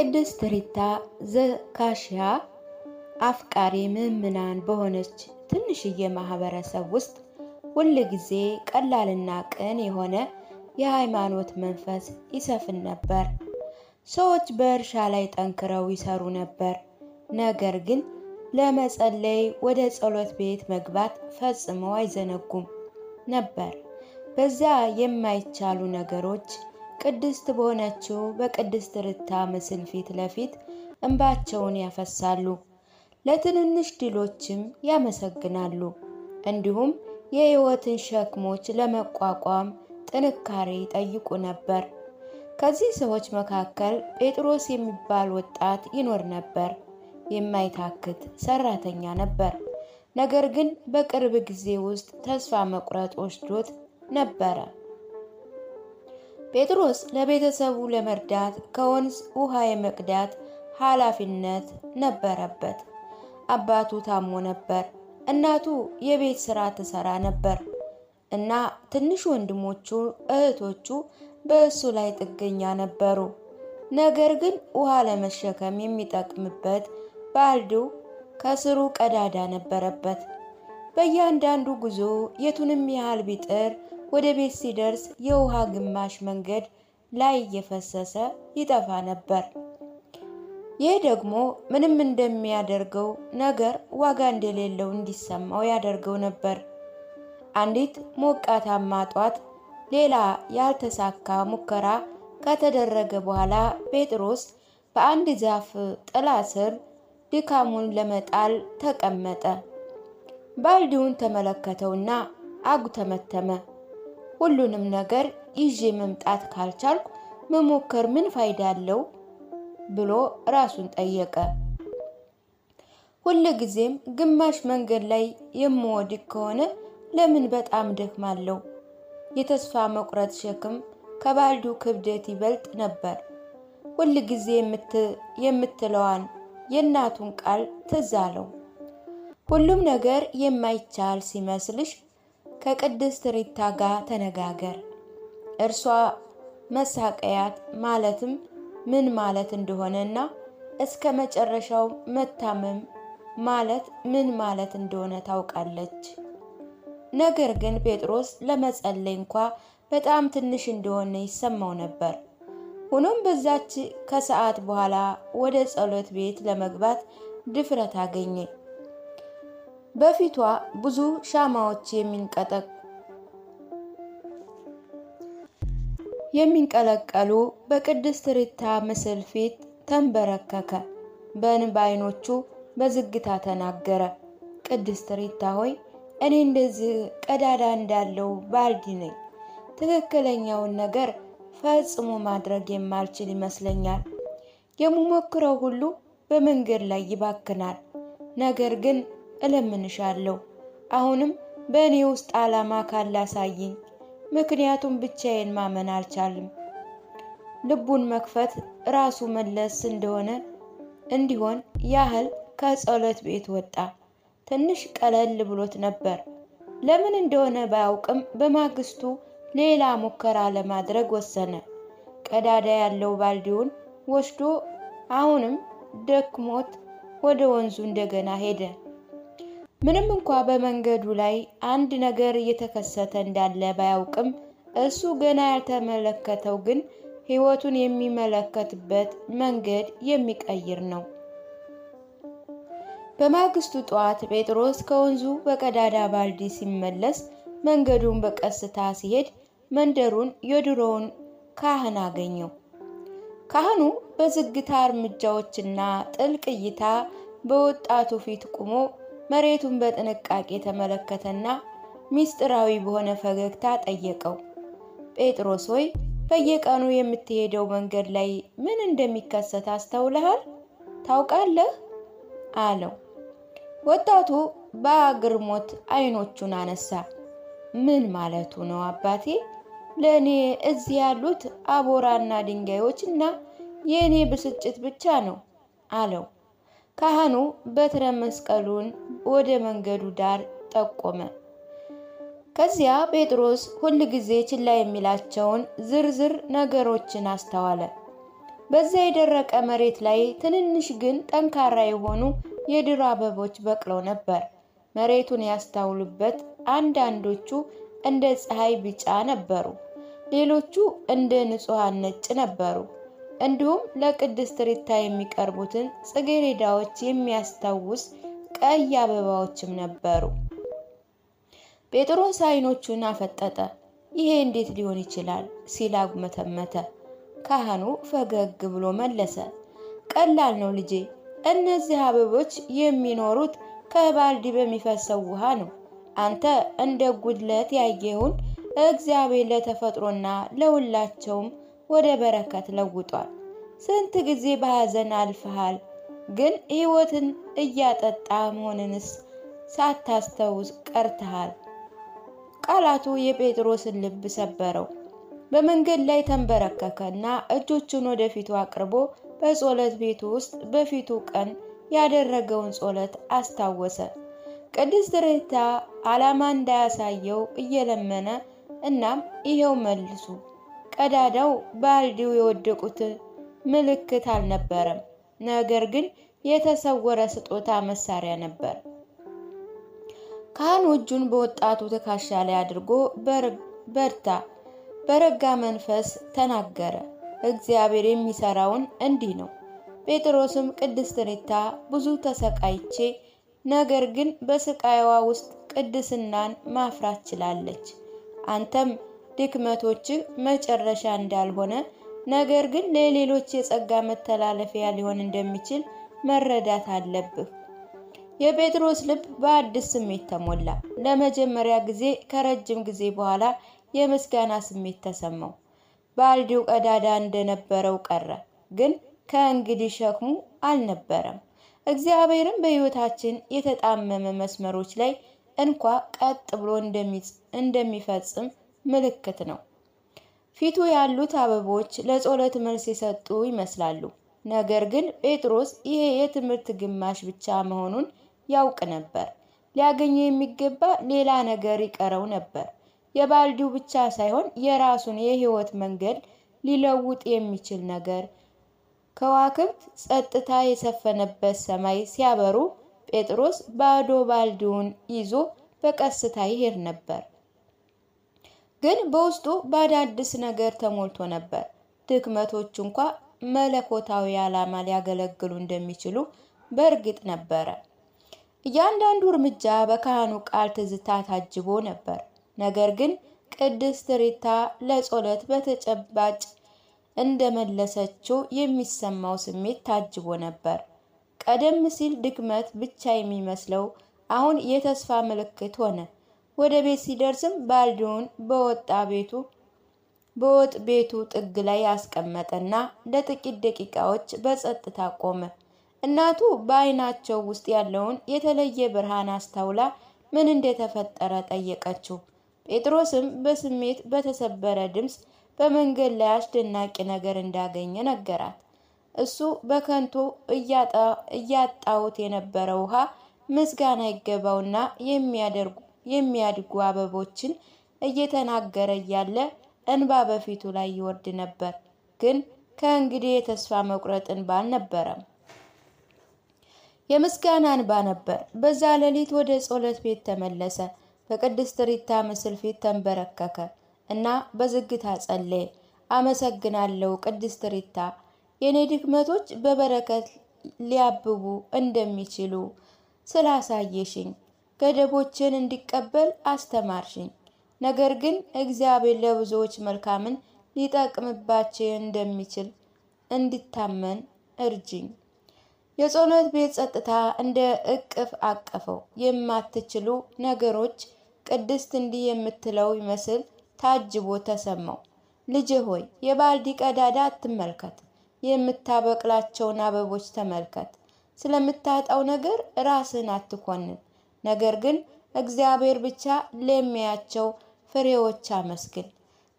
ቅድስ ሪታ ዘካሽያ አፍቃሪ ምዕምናን በሆነች ትንሽዬ ማህበረሰብ ውስጥ ሁል ጊዜ ቀላልና ቅን የሆነ የሃይማኖት መንፈስ ይሰፍን ነበር። ሰዎች በእርሻ ላይ ጠንክረው ይሰሩ ነበር። ነገር ግን ለመጸለይ ወደ ጸሎት ቤት መግባት ፈጽሞ አይዘነጉም ነበር። በዚያ የማይቻሉ ነገሮች ቅድስት በሆነችው በቅድስት ርታ ምስል ፊት ለፊት እንባቸውን ያፈሳሉ፣ ለትንንሽ ድሎችም ያመሰግናሉ። እንዲሁም የሕይወትን ሸክሞች ለመቋቋም ጥንካሬ ይጠይቁ ነበር። ከዚህ ሰዎች መካከል ጴጥሮስ የሚባል ወጣት ይኖር ነበር። የማይታክት ሰራተኛ ነበር። ነገር ግን በቅርብ ጊዜ ውስጥ ተስፋ መቁረጥ ወስዶት ነበረ። ጴጥሮስ ለቤተሰቡ ለመርዳት ከወንዝ ውሃ የመቅዳት ኃላፊነት ነበረበት። አባቱ ታሞ ነበር። እናቱ የቤት ሥራ ትሠራ ነበር እና ትንሽ ወንድሞቹ እህቶቹ በእሱ ላይ ጥገኛ ነበሩ። ነገር ግን ውሃ ለመሸከም የሚጠቅምበት ባልዲው ከስሩ ቀዳዳ ነበረበት። በእያንዳንዱ ጉዞ የቱንም ያህል ቢጥር ወደ ቤት ሲደርስ የውሃ ግማሽ መንገድ ላይ እየፈሰሰ ይጠፋ ነበር። ይህ ደግሞ ምንም እንደሚያደርገው ነገር ዋጋ እንደሌለው እንዲሰማው ያደርገው ነበር። አንዲት ሞቃታማ ጧት ሌላ ያልተሳካ ሙከራ ከተደረገ በኋላ ጴጥሮስ በአንድ ዛፍ ጥላ ስር ድካሙን ለመጣል ተቀመጠ። ባልዲውን ተመለከተውና አጉተመተመ። ሁሉንም ነገር ይዤ መምጣት ካልቻልኩ መሞከር ምን ፋይዳ አለው ብሎ ራሱን ጠየቀ። ሁል ጊዜም ግማሽ መንገድ ላይ የምወድቅ ከሆነ ለምን በጣም ደክማለሁ? የተስፋ መቁረጥ ሸክም ከባልዱ ክብደት ይበልጥ ነበር። ሁል ጊዜ የምትለዋን የእናቱን ቃል ትዝ አለው። ሁሉም ነገር የማይቻል ሲመስልሽ ከቅድስት ሪታ ጋር ተነጋገር። እርሷ መሳቀያት ማለትም ምን ማለት እንደሆነ እና እስከ መጨረሻው መታመም ማለት ምን ማለት እንደሆነ ታውቃለች። ነገር ግን ጴጥሮስ ለመጸለይ እንኳ በጣም ትንሽ እንደሆነ ይሰማው ነበር። ሆኖም በዛች ከሰዓት በኋላ ወደ ጸሎት ቤት ለመግባት ድፍረት አገኘ። በፊቷ ብዙ ሻማዎች የሚንቀለቀሉ በቅድስት ሪታ ምስል ፊት ተንበረከከ። በእንባ ዓይኖቹ በዝግታ ተናገረ። ቅድስት ሪታ ሆይ እኔ እንደዚህ ቀዳዳ እንዳለው ባልዲ ነኝ። ትክክለኛውን ነገር ፈጽሞ ማድረግ የማልችል ይመስለኛል። የምሞክረው ሁሉ በመንገድ ላይ ይባክናል። ነገር ግን እለምንሻለሁ አሁንም በእኔ ውስጥ ዓላማ ካላሳይኝ፣ ምክንያቱም ብቻዬን ማመን አልቻልም። ልቡን መክፈት ራሱ መለስ እንደሆነ እንዲሆን ያህል ከጸሎት ቤት ወጣ። ትንሽ ቀለል ብሎት ነበር። ለምን እንደሆነ ባያውቅም በማግስቱ ሌላ ሙከራ ለማድረግ ወሰነ። ቀዳዳ ያለው ባልዲውን ወስዶ አሁንም ደክሞት ወደ ወንዙ እንደገና ሄደ። ምንም እንኳ በመንገዱ ላይ አንድ ነገር እየተከሰተ እንዳለ ባያውቅም እሱ ገና ያልተመለከተው ግን ሕይወቱን የሚመለከትበት መንገድ የሚቀይር ነው። በማግስቱ ጠዋት ጴጥሮስ ከወንዙ በቀዳዳ ባልዲ ሲመለስ መንገዱን በቀስታ ሲሄድ መንደሩን የድሮውን ካህን አገኘው። ካህኑ በዝግታ እርምጃዎችና ጥልቅ እይታ በወጣቱ ፊት ቆሞ መሬቱን በጥንቃቄ ተመለከተና ሚስጥራዊ በሆነ ፈገግታ ጠየቀው። ጴጥሮስ ሆይ በየቀኑ የምትሄደው መንገድ ላይ ምን እንደሚከሰት አስተውለሃል? ታውቃለህ? አለው። ወጣቱ በአግርሞት አይኖቹን አነሳ። ምን ማለቱ ነው አባቴ? ለእኔ እዚህ ያሉት አቦራና ድንጋዮች እና የእኔ ብስጭት ብቻ ነው አለው። ካህኑ በትረ መስቀሉን ወደ መንገዱ ዳር ጠቆመ። ከዚያ ጴጥሮስ ሁል ጊዜ ችላ የሚላቸውን ዝርዝር ነገሮችን አስተዋለ። በዚያ የደረቀ መሬት ላይ ትንንሽ ግን ጠንካራ የሆኑ የድሮ አበቦች በቅለው ነበር። መሬቱን ያስተውሉበት አንዳንዶቹ እንደ ፀሐይ ቢጫ ነበሩ፣ ሌሎቹ እንደ ንጹሐን ነጭ ነበሩ። እንዲሁም ለቅድስት ሪታ የሚቀርቡትን ጽጌሬዳዎች የሚያስታውስ ቀይ አበባዎችም ነበሩ። ጴጥሮስ ዓይኖቹን አፈጠጠ። ይሄ እንዴት ሊሆን ይችላል ሲል አጉመተመተ። ካህኑ ፈገግ ብሎ መለሰ። ቀላል ነው ልጄ፣ እነዚህ አበቦች የሚኖሩት ከባልዲ በሚፈሰው ውሃ ነው። አንተ እንደ ጉድለት ያየውን እግዚአብሔር ለተፈጥሮና ለሁላቸውም ወደ በረከት ለውጧል። ስንት ጊዜ በሐዘን አልፈሃል፣ ግን ሕይወትን እያጠጣ መሆንንስ ሳታስተውስ ቀርተሃል። ቃላቱ የጴጥሮስን ልብ ሰበረው። በመንገድ ላይ ተንበረከከ እና እጆቹን ወደፊቱ አቅርቦ በጸሎት ቤቱ ውስጥ በፊቱ ቀን ያደረገውን ጸሎት አስታወሰ። ቅድስት ርታ ዓላማ እንዳያሳየው እየለመነ እናም ይሄው መልሱ ቀዳዳው በአልዲው የወደቁት ምልክት አልነበረም፣ ነገር ግን የተሰወረ ስጦታ መሳሪያ ነበር። ካህኑ እጁን በወጣቱ ትከሻ ላይ አድርጎ በርታ፣ በረጋ መንፈስ ተናገረ። እግዚአብሔር የሚሰራውን እንዲህ ነው። ጴጥሮስም ቅድስት ሪታ ብዙ ተሰቃይቼ፣ ነገር ግን በስቃይዋ ውስጥ ቅድስናን ማፍራት ችላለች። አንተም ድክመቶችህ መጨረሻ እንዳልሆነ ነገር ግን ለሌሎች የጸጋ መተላለፊያ ሊሆን እንደሚችል መረዳት አለብህ። የጴጥሮስ ልብ በአዲስ ስሜት ተሞላ። ለመጀመሪያ ጊዜ ከረጅም ጊዜ በኋላ የምስጋና ስሜት ተሰማው። ባልዲው ቀዳዳ እንደነበረው ቀረ፣ ግን ከእንግዲህ ሸክሙ አልነበረም። እግዚአብሔርም በሕይወታችን የተጣመመ መስመሮች ላይ እንኳ ቀጥ ብሎ እንደሚፈጽም ምልክት ነው። ፊቱ ያሉት አበቦች ለጸሎት መልስ የሰጡ ይመስላሉ። ነገር ግን ጴጥሮስ ይሄ የትምህርት ግማሽ ብቻ መሆኑን ያውቅ ነበር። ሊያገኘው የሚገባ ሌላ ነገር ይቀረው ነበር። የባልዲው ብቻ ሳይሆን የራሱን የህይወት መንገድ ሊለውጥ የሚችል ነገር። ከዋክብት ጸጥታ የሰፈነበት ሰማይ ሲያበሩ ጴጥሮስ ባዶ ባልዲውን ይዞ በቀስታ ይሄድ ነበር። ግን በውስጡ በአዳዲስ ነገር ተሞልቶ ነበር። ድክመቶቹ እንኳ መለኮታዊ ዓላማ ሊያገለግሉ እንደሚችሉ በእርግጥ ነበረ። እያንዳንዱ እርምጃ በካህኑ ቃል ትዝታ ታጅቦ ነበር። ነገር ግን ቅድስት ሪታ ለጸሎት በተጨባጭ እንደመለሰችው የሚሰማው ስሜት ታጅቦ ነበር። ቀደም ሲል ድክመት ብቻ የሚመስለው አሁን የተስፋ ምልክት ሆነ። ወደ ቤት ሲደርስም ባልዲውን በወጣ ቤቱ በወጥ ቤቱ ጥግ ላይ አስቀመጠና ለጥቂት ደቂቃዎች በጸጥታ ቆመ። እናቱ በዓይናቸው ውስጥ ያለውን የተለየ ብርሃን አስተውላ ምን እንደተፈጠረ ጠየቀችው። ጴጥሮስም በስሜት በተሰበረ ድምፅ በመንገድ ላይ አስደናቂ ነገር እንዳገኘ ነገራት። እሱ በከንቱ እያጣሁት የነበረ ውሃ ምስጋና ይገባውና የሚያደርጉ የሚያድጉ አበቦችን እየተናገረ እያለ እንባ በፊቱ ላይ ይወርድ ነበር። ግን ከእንግዲህ የተስፋ መቁረጥ እንባ አልነበረም፣ የምስጋና እንባ ነበር። በዛ ሌሊት ወደ ጸሎት ቤት ተመለሰ። በቅድስት ሪታ ምስል ፊት ተንበረከከ እና በዝግታ ጸለየ። አመሰግናለሁ ቅድስት ሪታ፣ የእኔ ድክመቶች በበረከት ሊያብቡ እንደሚችሉ ስላሳየሽኝ ገደቦችን እንዲቀበል አስተማርሽኝ። ነገር ግን እግዚአብሔር ለብዙዎች መልካምን ሊጠቅምባቸው እንደሚችል እንዲታመን እርጅኝ። የጸሎት ቤት ጸጥታ እንደ እቅፍ አቀፈው። የማትችሉ ነገሮች ቅድስት እንዲህ የምትለው ይመስል ታጅቦ ተሰማው። ልጅ ሆይ የባልዲ ቀዳዳ አትመልከት፣ የምታበቅላቸውን አበቦች ተመልከት። ስለምታጣው ነገር ራስህን አትኮንን። ነገር ግን እግዚአብሔር ብቻ ለሚያቸው ፍሬዎች አመስግን።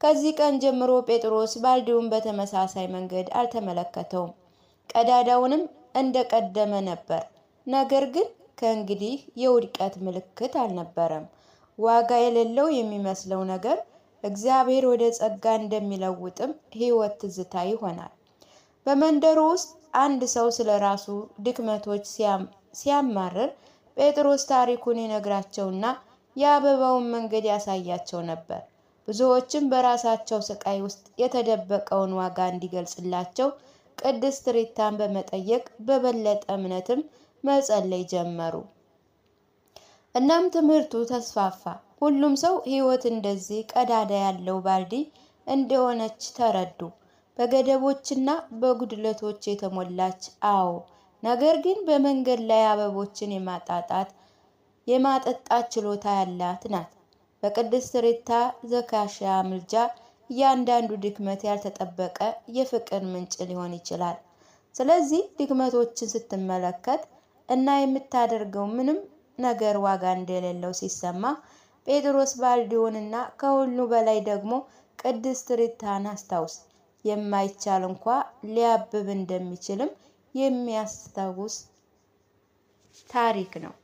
ከዚህ ቀን ጀምሮ ጴጥሮስ ባልዲውን በተመሳሳይ መንገድ አልተመለከተውም፣ ቀዳዳውንም እንደቀደመ ነበር። ነገር ግን ከእንግዲህ የውድቀት ምልክት አልነበረም። ዋጋ የሌለው የሚመስለው ነገር እግዚአብሔር ወደ ጸጋ እንደሚለውጥም ሕይወት ትዝታ ይሆናል። በመንደሩ ውስጥ አንድ ሰው ስለ ራሱ ድክመቶች ሲያማርር ጴጥሮስ ታሪኩን ይነግራቸውና የአበባውን መንገድ ያሳያቸው ነበር። ብዙዎችም በራሳቸው ስቃይ ውስጥ የተደበቀውን ዋጋ እንዲገልጽላቸው ቅድስት ሪታን በመጠየቅ በበለጠ እምነትም መጸለይ ጀመሩ። እናም ትምህርቱ ተስፋፋ። ሁሉም ሰው ሕይወት እንደዚህ ቀዳዳ ያለው ባልዲ እንደሆነች ተረዱ። በገደቦችና በጉድለቶች የተሞላች አዎ ነገር ግን በመንገድ ላይ አበቦችን የማጣጣት የማጠጣት ችሎታ ያላት ናት። በቅድስት ሪታ ዘካሻ ምልጃ እያንዳንዱ ድክመት ያልተጠበቀ የፍቅር ምንጭ ሊሆን ይችላል። ስለዚህ ድክመቶችን ስትመለከት እና የምታደርገው ምንም ነገር ዋጋ እንደሌለው ሲሰማ ጴጥሮስ ባልዲዮንና ከሁሉ በላይ ደግሞ ቅድስት ሪታን አስታውስ። የማይቻል እንኳ ሊያብብ እንደሚችልም የሚያስታውስ ታሪክ ነው።